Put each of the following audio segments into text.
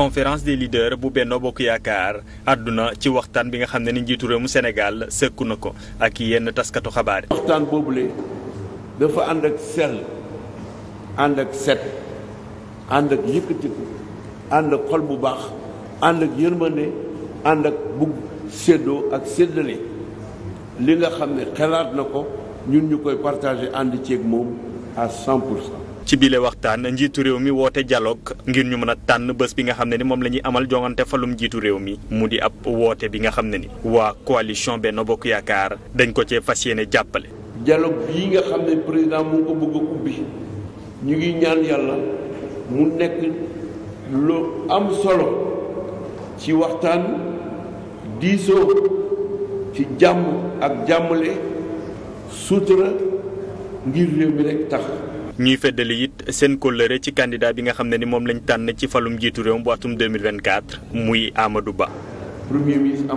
conférence des leaders bu Benno Bokk Yaakaar àdduna ci waxtaan bi nga xam ne ni njiitu réew senegal Sénégal sëkku na ko ak yenn taskatu xabaar yi. boobu boobule dafa ànd ak sell ànd ak set ànd ak yëkkatiku ànd ak xol bu baax ànd ak yërmande ànd ak bugg séddoo ak séddale li nga xam ne xelaat na ko ñun ñu koy partagé ànd ceeg moom à 100 pour ci biile waxtaan njiitu réew mi woote dialogue ngir ñu mën a tànn bés bi nga xam ne ni moom lañuy amal jongante falum njiitu réew mi mu di ab woote bi nga xam ne ni waa coalition Benno Bokk Yaakaar dañ ko cee fas yéene jàppale. dialogue bii nga xam ne président mu ko bëgg a ubbi ñu ngi ñaan yàlla mu nekk lu am solo ci waxtaan diisoo ci jàmm ak jàmmale sutura ngir réew mi rek tax. ñuy feddali it seen kóllëre ci candidat bi nga xam ne ni moom lañ tànn ci falum jiitu réew bu atum 2024 muy Amadou Ba. premier ministre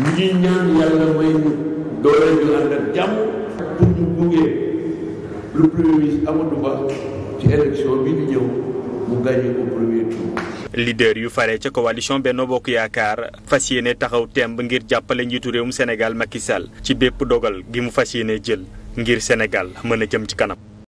ñu ngi ñaan yàlla may doole ñu ànd ak jàmm pour ñu gunge le premier ministre Amadou Ba ci élection bi di ñëw mu gagné au leader yu fare ca coalition benn Bokk Yaakaar fas yéene taxaw temb ngir jàppale njiitu réewum Sénégal Macky Sall ci bépp dogal gi mu fas yéene jël ngir Sénégal mën a jëm ci kanam.